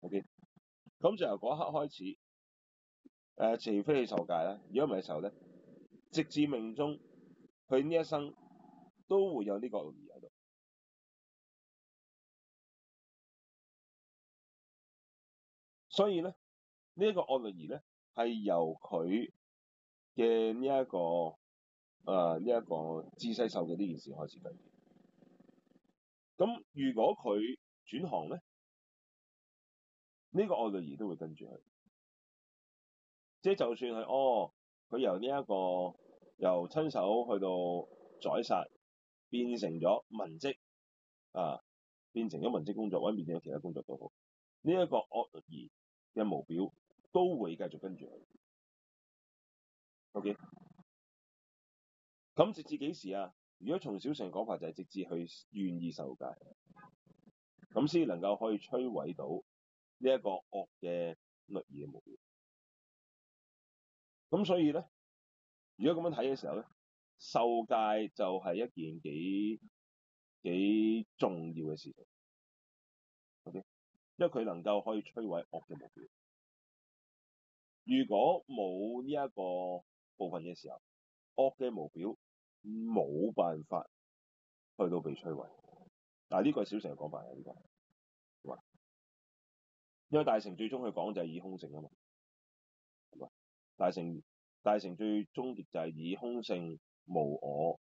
O K，咁就由嗰一刻開始，誒、呃，除非佢受戒啦。如果唔係受咧，直至命終，佢呢一生都會有呢個惡律儀喺度。所以咧，這個、惡呢一、這個、呃這個惡律儀咧，係由佢嘅呢一個誒呢一個知誓受嘅呢件事開始計。咁如果佢轉行咧，呢、這個惡律儀都會跟住佢。即係就算係哦，佢由呢、這、一個由親手去到宰殺，變成咗文職啊，變成咗文職工作或者變成咗其他工作都好，呢、這、一個惡律儀嘅無表都會繼續跟住佢。OK，咁直至幾時啊？如果從小成講法就，就係直接去願意受戒，咁先能夠可以摧毀到呢一個惡嘅律儀嘅目標。咁所以咧，如果咁樣睇嘅時候咧，受戒就係一件幾幾重要嘅事情。好啲，因為佢能夠可以摧毀惡嘅目標。如果冇呢一個部分嘅時候，惡嘅目標。冇辦法去到被摧毀，但係呢個係小乘嘅講法啊，呢、這個，因為大乘最終去講就係以空性啊嘛大乘，大乘大最終就係以空性無我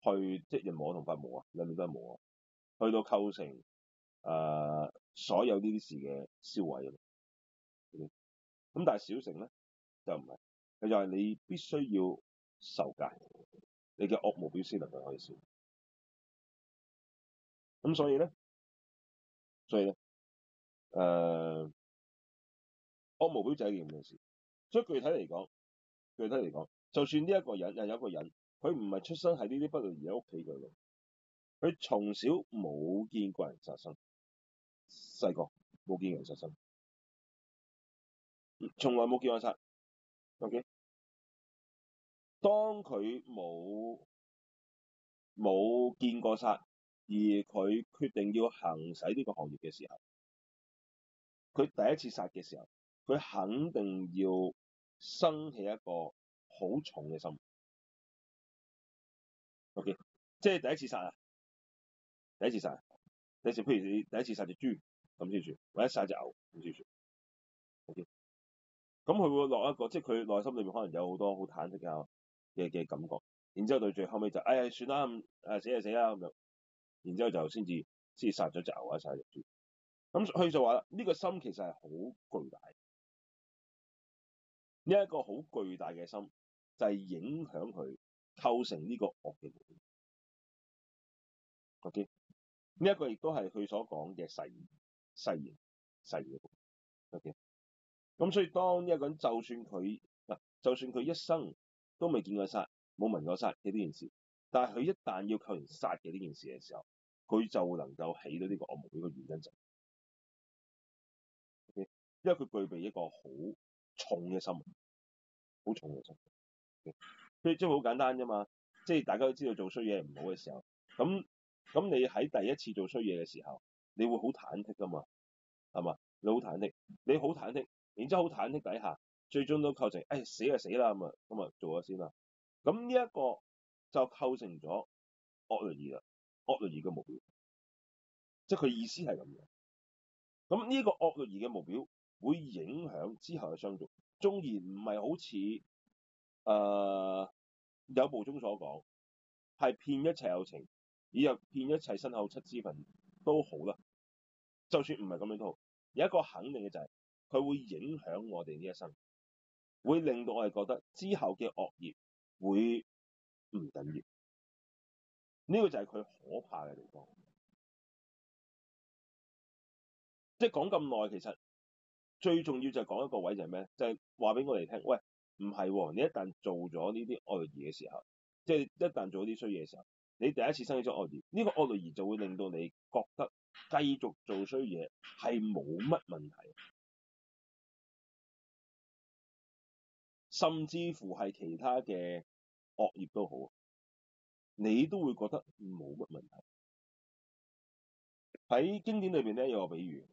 去，即、就、係、是、人無我同法無我啊，兩面都係無我，去到構成誒、呃、所有呢啲事嘅銷毀，咁但係小乘咧就唔係，佢就係你必須要受戒。你嘅惡無表，先能夠可以少。咁所以咧，所以咧，誒，惡無表就係一件咁嘅事。所以具體嚟講，具體嚟講，就算呢一個人又有個人，佢唔係出生喺呢啲不律儀嘅屋企度，佢從小冇見過人殺生，細個冇見人殺生，從來冇見過人殺，OK？當佢冇冇見過殺，而佢決定要行使呢個行業嘅時候，佢第一次殺嘅時候，佢肯定要生起一個好重嘅心。OK，即係第一次殺啊！第一次殺、啊，第一次，譬如你第一次殺隻豬咁先算，或者殺隻牛咁先算。OK，咁佢會落一個，即係佢內心裏面，可能有好多好忐忑嘅。嘅嘅感覺，然之後到最後尾就，哎呀算啦咁、啊，死就、啊、死啦咁就，然之後就先至先至殺咗隻牛啊，殺咗條豬。咁佢就話呢、這個心其實係好巨大，呢一個好巨大嘅心就係、是、影響佢構成呢個惡嘅。Ok，呢一個亦都係佢所講嘅誓言。誓言，誓言。Ok，咁所以當一個人就算佢嗱，就算佢一生。都未見過殺，冇聞過殺嘅呢件事。但係佢一旦要構成殺嘅呢件事嘅時候，佢就能夠起到呢個惡夢，呢個原因就，okay? 因為佢具備一個好重嘅心，好重嘅心。所以即係好簡單啫嘛，即係大家都知道做衰嘢唔好嘅時候，咁咁你喺第一次做衰嘢嘅時候，你會好忐忑㗎嘛，係嘛？你好忐忑，你好忐忑，然後忐忑之後好忐忑底下。最終都構成，誒、哎、死就死啦咁啊，咁啊做咗先啦。咁呢一個就構成咗惡律儀啦，惡律儀嘅目標，即係佢意思係咁樣。咁呢個惡律儀嘅目標會影響之後嘅相續，縱然唔係好似誒、呃、有部中所講，係遍一切有情，以及遍一切身語七支分都好啦。就算唔係咁樣都好，有一個肯定嘅就係、是，佢會影響我哋呢一生。會令到我哋覺得之後嘅惡業會唔緊要。呢、這個就係佢可怕嘅地方。即係講咁耐，其實最重要就講一個位就係咩？就係話俾我哋聽，喂，唔係、哦、你一旦做咗呢啲惡業嘅時候，即、就、係、是、一旦做咗啲衰嘢嘅時候，你第一次生起咗惡業，呢、這個惡業就會令到你覺得繼續做衰嘢係冇乜問題。甚至乎係其他嘅惡業都好，你都會覺得冇乜問題。喺經典裏邊咧有個比喻，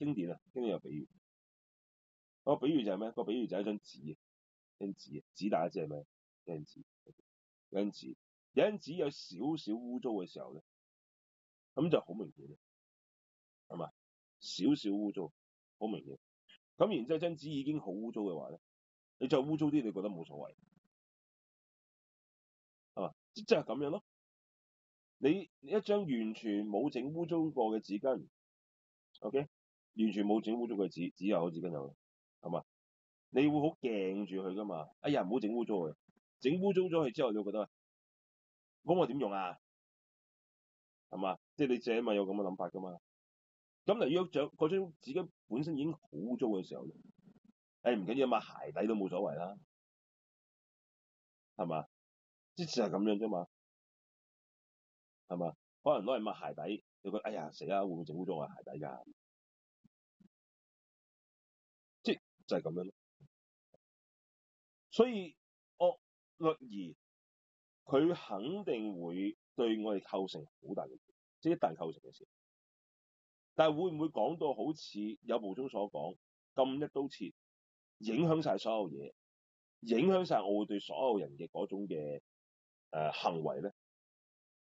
經典啊，經典有個比喻，個比喻就係咩？個比喻就係一張紙，張紙，紙打即係咩？張紙，張紙，張紙，張紙有少少污糟嘅時候咧，咁就好明顯啦，係嘛？少少污糟，好明顯。咁然之後張紙已經好污糟嘅話咧。你再污糟啲，你覺得冇所謂，係嘛？即係咁樣咯你。你一張完全冇整污糟過嘅紙巾，OK，完全冇整污糟嘅紙，只有紙巾有，係嘛？你會好鏡住佢噶嘛？哎呀，唔好整污糟佢，整污糟咗佢之後，你會覺得咁我點用啊？係嘛？即係你自己咪有咁嘅諗法噶嘛？咁嚟要著嗰張紙巾本身已經好污糟嘅時候。誒、哎、唔緊要抹鞋底都冇所謂啦，係嘛？即係咁樣啫嘛，係嘛？可能攞嚟抹鞋底，你覺得哎呀死啦，會唔會整污糟我鞋底㗎？即係就係、是、咁、就是、樣咯。所以惡律儀佢肯定會對我哋構成好大嘅，即、就、係、是、一旦構成嘅事。但係會唔會講到好似有部中所講咁一刀切？影響晒所有嘢，影響晒我會對所有人嘅嗰種嘅、呃、行為咧。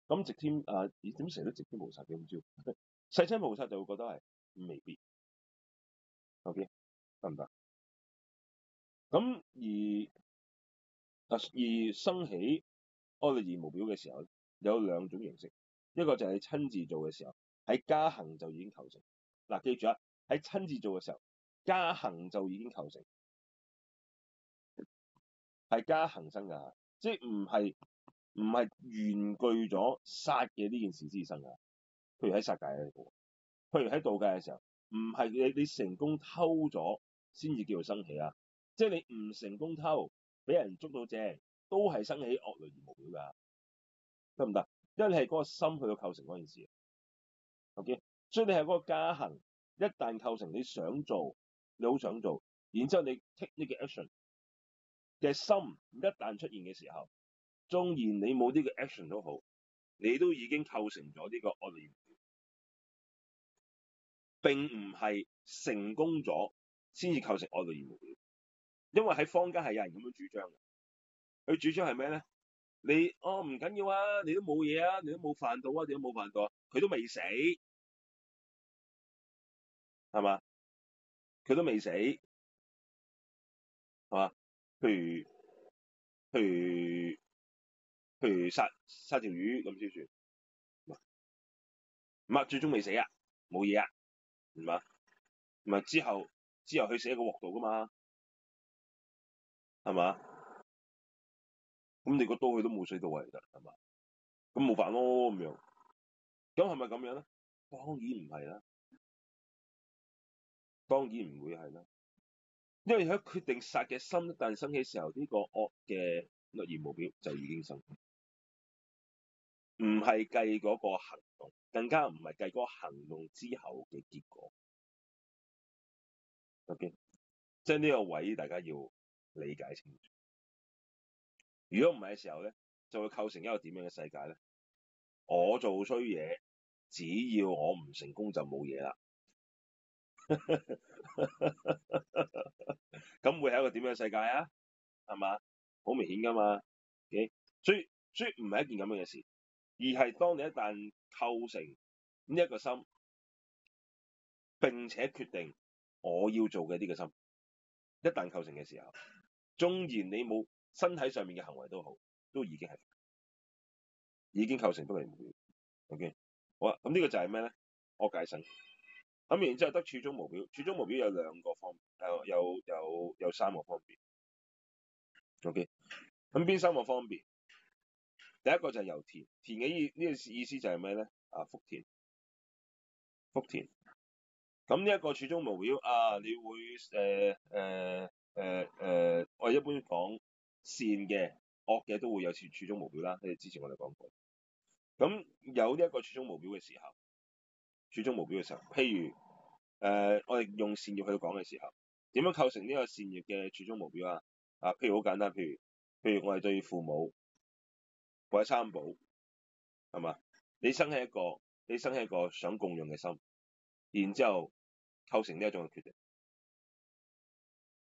咁直添誒，點、呃、成日都直添無殺嘅咁招，細親無殺就會覺得係未必。OK，得唔得？咁而而生起惡律儀無表嘅時候，有兩種形式，一個就係親自做嘅時候，喺加行就已經構成。嗱、呃，記住啊，喺親自做嘅時候，加行就已經構成。係加行生噶即係唔係唔係原具咗殺嘅呢件事之生噶譬如喺殺界嘅，譬如喺道界嘅時候，唔係你你成功偷咗先至叫做生起啊。即係你唔成功偷，俾人捉到正，都係生起惡劣而無聊噶得唔得？因為你係嗰個心去到構成嗰件事。O、OK? K，所以你係嗰個加行，一旦構成你想做，你好想做，然之後你 take 呢個 action。嘅心一旦出現嘅時候，縱然你冇呢個 action 都好，你都已經構成咗呢個惡律儀。並唔係成功咗先至構成惡律儀嘅，因為喺坊間係有人咁樣主張嘅。佢主張係咩咧？你哦，唔緊要啊，你都冇嘢啊，你都冇犯到啊，你都冇犯到啊，佢都未死，係嘛？佢都未死，係嘛？譬如譬如譬如，殺殺條魚咁先算，唔係最終未死啊，冇嘢啊，係嘛？唔係之後之後佢死喺個鑊度噶嘛，係嘛？咁你個刀佢都冇水到位噶，係嘛？咁冇辦法咯咁樣，咁係咪咁樣咧？當然唔係啦，當然唔會係啦。因為喺決定殺嘅心一旦升起嘅時候，呢、這個惡嘅惡律儀目標就已經生，唔係計嗰個行動，更加唔係計嗰個行動之後嘅結果。OK，即係呢個位大家要理解清楚。如果唔係嘅時候咧，就會構成一個點樣嘅世界咧？我做衰嘢，只要我唔成功就冇嘢啦。咁 會係一個點樣嘅世界啊？係嘛，好明顯噶嘛。所以所以唔係一件咁樣嘅事，而係當你一旦構成呢一個心，並且決定我要做嘅呢個心，一旦構成嘅時候，縱然你冇身體上面嘅行為都好，都已經係已經構成都係唔會。OK，好啦，咁呢個就係咩咧？我解神。咁然之後得處中無表，處中無表有兩個方面，有有有有三個方面。O K，咁邊三個方面？第一個就係由田田嘅意呢，這個意思就係咩咧？啊，福田，福田。咁呢一個處中無表啊，你會誒誒誒誒，我哋一般講善嘅、惡嘅都會有處處中無表啦。即係之前我哋講過。咁有呢一個處中無表嘅時候，處中目標嘅時候，譬如誒、呃，我哋用善業去講嘅時候，點樣構成呢個善業嘅處中目標啊？啊，譬如好簡單，譬如譬如我哋對父母或者三寶係嘛，你生起一個你生起一個想供養嘅心，然之後構成呢一種嘅決定，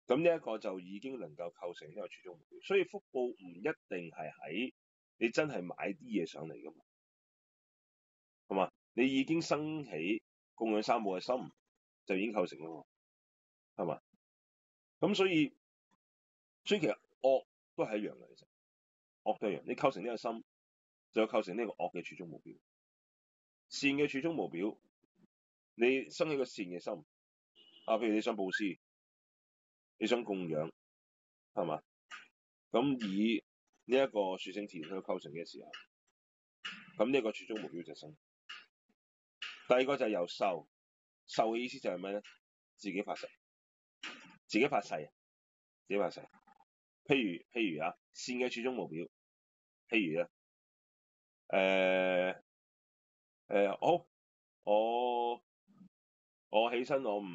咁呢一個就已經能夠構成呢個處中目標。所以福報唔一定係喺你真係買啲嘢上嚟噶嘛，係嘛？你已經生起供養三寶嘅心，就已經構成啦，係嘛？咁所以，所以其實惡都係一樣嚟嘅，惡一樣。你構成呢個心，就構成呢個惡嘅最終目標。善嘅最終目標，你生起個善嘅心，啊，譬如你想布施，你想供養，係嘛？咁以呢一個殊勝田去構成嘅時候，咁呢一個最終目標就生。第二個就係由受，受嘅意思就係咩咧？自己發誓，自己發誓，自己發誓。譬如譬如啊，線嘅始終目標，譬如啊，誒、欸、誒，好、欸哦，我我起身我唔，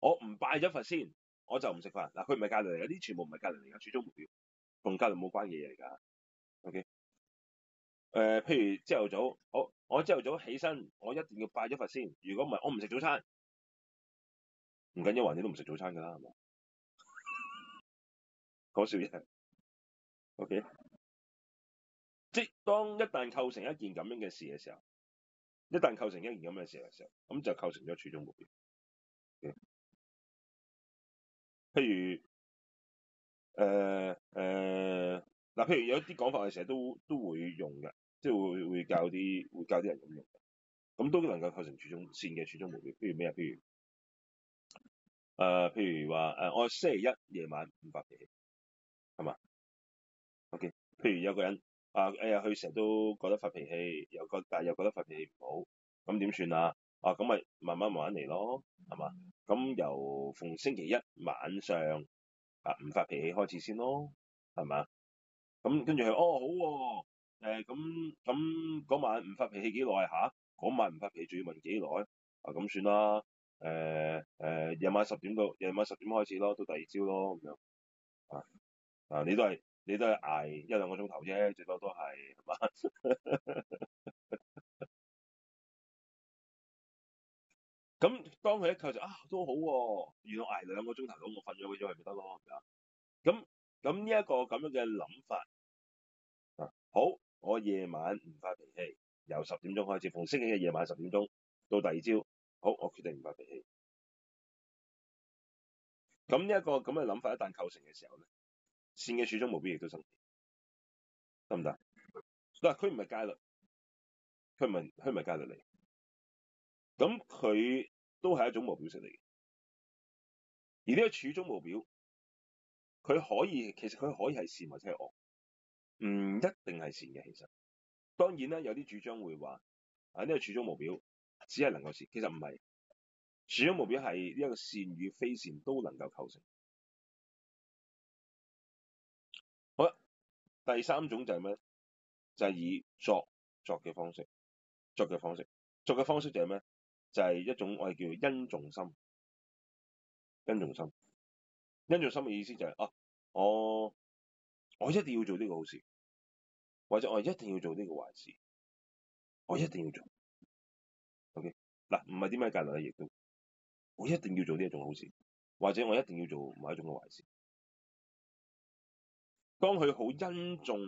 我唔拜咗佛先，我就唔食飯。嗱，佢唔係隔籬嘅，呢啲全部唔係隔籬嘅，始終目標同隔籬冇關嘢嚟噶。OK。誒、呃，譬如朝頭早，好，我朝頭早起身，我一定要拜咗佛先。如果唔係，我唔食早餐，唔緊要，還你都唔食早餐噶啦，係嘛？講笑啫。O、OK? K，即係當一旦構成一件咁樣嘅事嘅時候，一旦構成一件咁嘅事嘅時候，咁就構成咗處中無表。OK？譬如誒誒，嗱、呃呃，譬如有啲講法，我成日都都會用嘅。即係會教啲教啲人咁用，咁都能夠構成處中線嘅處中目標。譬如咩啊？譬如、呃、譬如話、呃、我星期一夜晚唔發脾氣，係嘛？OK。譬如有個人啊，誒、呃、呀，佢成日都覺得發脾氣，又覺但又覺得發脾氣唔好，咁點算啊？啊咁咪慢慢慢慢嚟咯，係嘛？咁由逢星期一晚上啊唔發脾氣開始先咯，係嘛？咁跟住佢哦好喎、啊。誒、呃，咁咁嗰晚唔發脾氣幾耐吓？嗰晚唔發脾氣仲要問幾耐？啊，咁、啊、算啦。誒、呃、誒、呃，夜晚十點到夜晚十點開始咯，到第二朝咯咁樣。啊啊，你都係你都係挨一兩個鐘頭啫，最多都係，係嘛？咁 當佢一覺就啊，都好、啊。原來挨兩個鐘頭，我瞓咗佢咗咪得咯，係咪啊？咁咁呢一個咁樣嘅諗法啊，好。我夜晚唔發脾氣，由十點鐘開始，逢星期日夜晚十點鐘到第二朝，好，我決定唔發脾氣。咁呢一個咁嘅諗法，一旦構成嘅時候咧，善嘅處中無表亦都生，得唔得？嗱，佢唔係戒律，佢唔係佢唔係戒律嚟，咁佢都係一種無表色嚟嘅。而呢個處中無表，佢可以，其實佢可以係善，或者係惡。唔一定係善嘅。其實當然啦，有啲主張會話啊呢、這個處中無表只係能夠善，其實唔係，處中無表係呢個善與非善都能夠構成。好啦，第三種就係咩？就係、是、以作作嘅方式，作嘅方式，作嘅方式就係咩？就係、是、一種我哋叫做殷重心，殷重心，殷重心嘅意思就係、是、啊我。我一定要做呢個好事，或者我一定要做呢個壞事，我一定要做。O K，嗱唔係點解格倫嘅亦都我一定要做呢一種好事，或者我一定要做某一種嘅壞事。當佢好殷重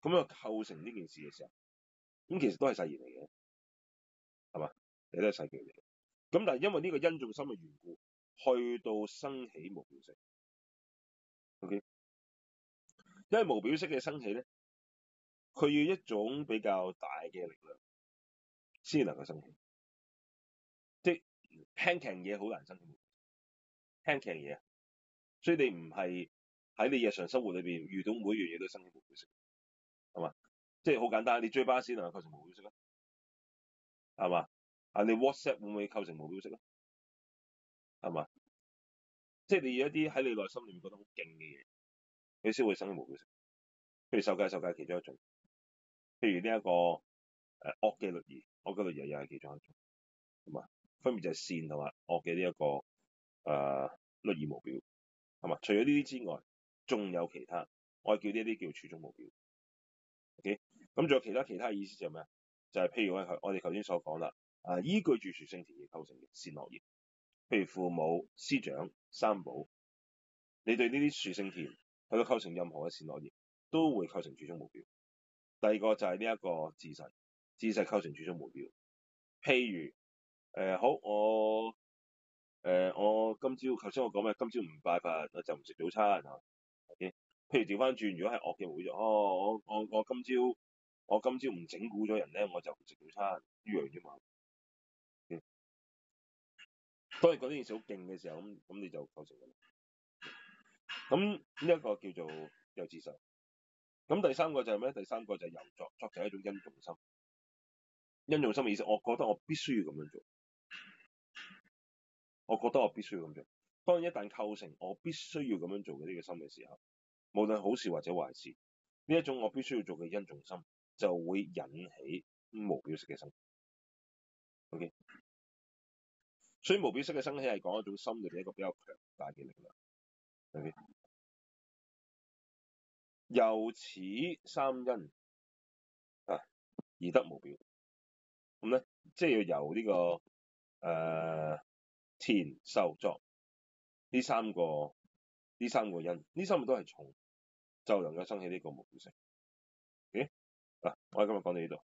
咁樣構成呢件事嘅時候，咁其實世都係誓言嚟嘅，係嘛？你都係誓言嚟。咁但係因為呢個殷重心嘅緣故，去到生起無表性 O K。OK? 因為無表色嘅生起咧，佢要一種比較大嘅力量先能夠生起。即輕強嘢好難生起，輕嘢，所以你唔係喺你日常生活裏邊遇到每樣嘢都生起無表色，係嘛？即係好簡單，你追巴士能夠構成無表色啦，係嘛？啊，你 WhatsApp 會唔會構成無表色咧？係嘛？即係你要一啲喺你內心裏面覺得好勁嘅嘢。你先會生啲目標性，譬如受戒、受戒其中一種，譬如呢、這、一個誒、呃、惡嘅律儀，惡嘅律儀又係其中一種，咁啊分別就係善同埋惡嘅呢一個誒、呃、律儀目標，係嘛？除咗呢啲之外，仲有其他，我叫呢啲叫處中目標。O K，咁仲有其他其他意思就係咩啊？就係、是、譬如我哋頭先所講啦，啊依據住殊勝田嘅構成嘅善惡業，譬如父母師長三寶，你對呢啲殊勝田。佢嘅構成任何嘅線路，都會構成最終目標。第二個就係呢一個自細，自細構成最終目標。譬如誒、呃、好，我誒、呃、我今朝頭先我講咩？今朝唔拜佛，我就唔食早餐。O、啊啊、譬如調翻轉，如果係惡嘅會咗，哦，我我我今朝我今朝唔整蠱咗人咧，我就唔食早餐，一樣啫嘛。嗯、啊。當係嗰啲嘢好勁嘅時候，咁咁你就構成㗎。咁呢一個叫做有自信。咁第三個就係咩？第三個就係由作，作就係一種殷重心，殷重心嘅意思，我覺得我必須要咁樣做，我覺得我必須要咁樣做。當然一旦構成我必須要咁樣做嘅呢個心嘅時候，無論好事或者壞事，呢一種我必須要做嘅殷重心就會引起無表色嘅生起。OK，所以無表色嘅生起係講一種心裏邊一個比較強大嘅力量，明唔明？OK? 由此三因啊而得無表，咁咧，即係要由呢，這個誒田、受、呃、作呢三個呢三個因，呢三個都係重，就能夠生起呢個無表性。嘅，嗱、啊、我哋今日講到呢度。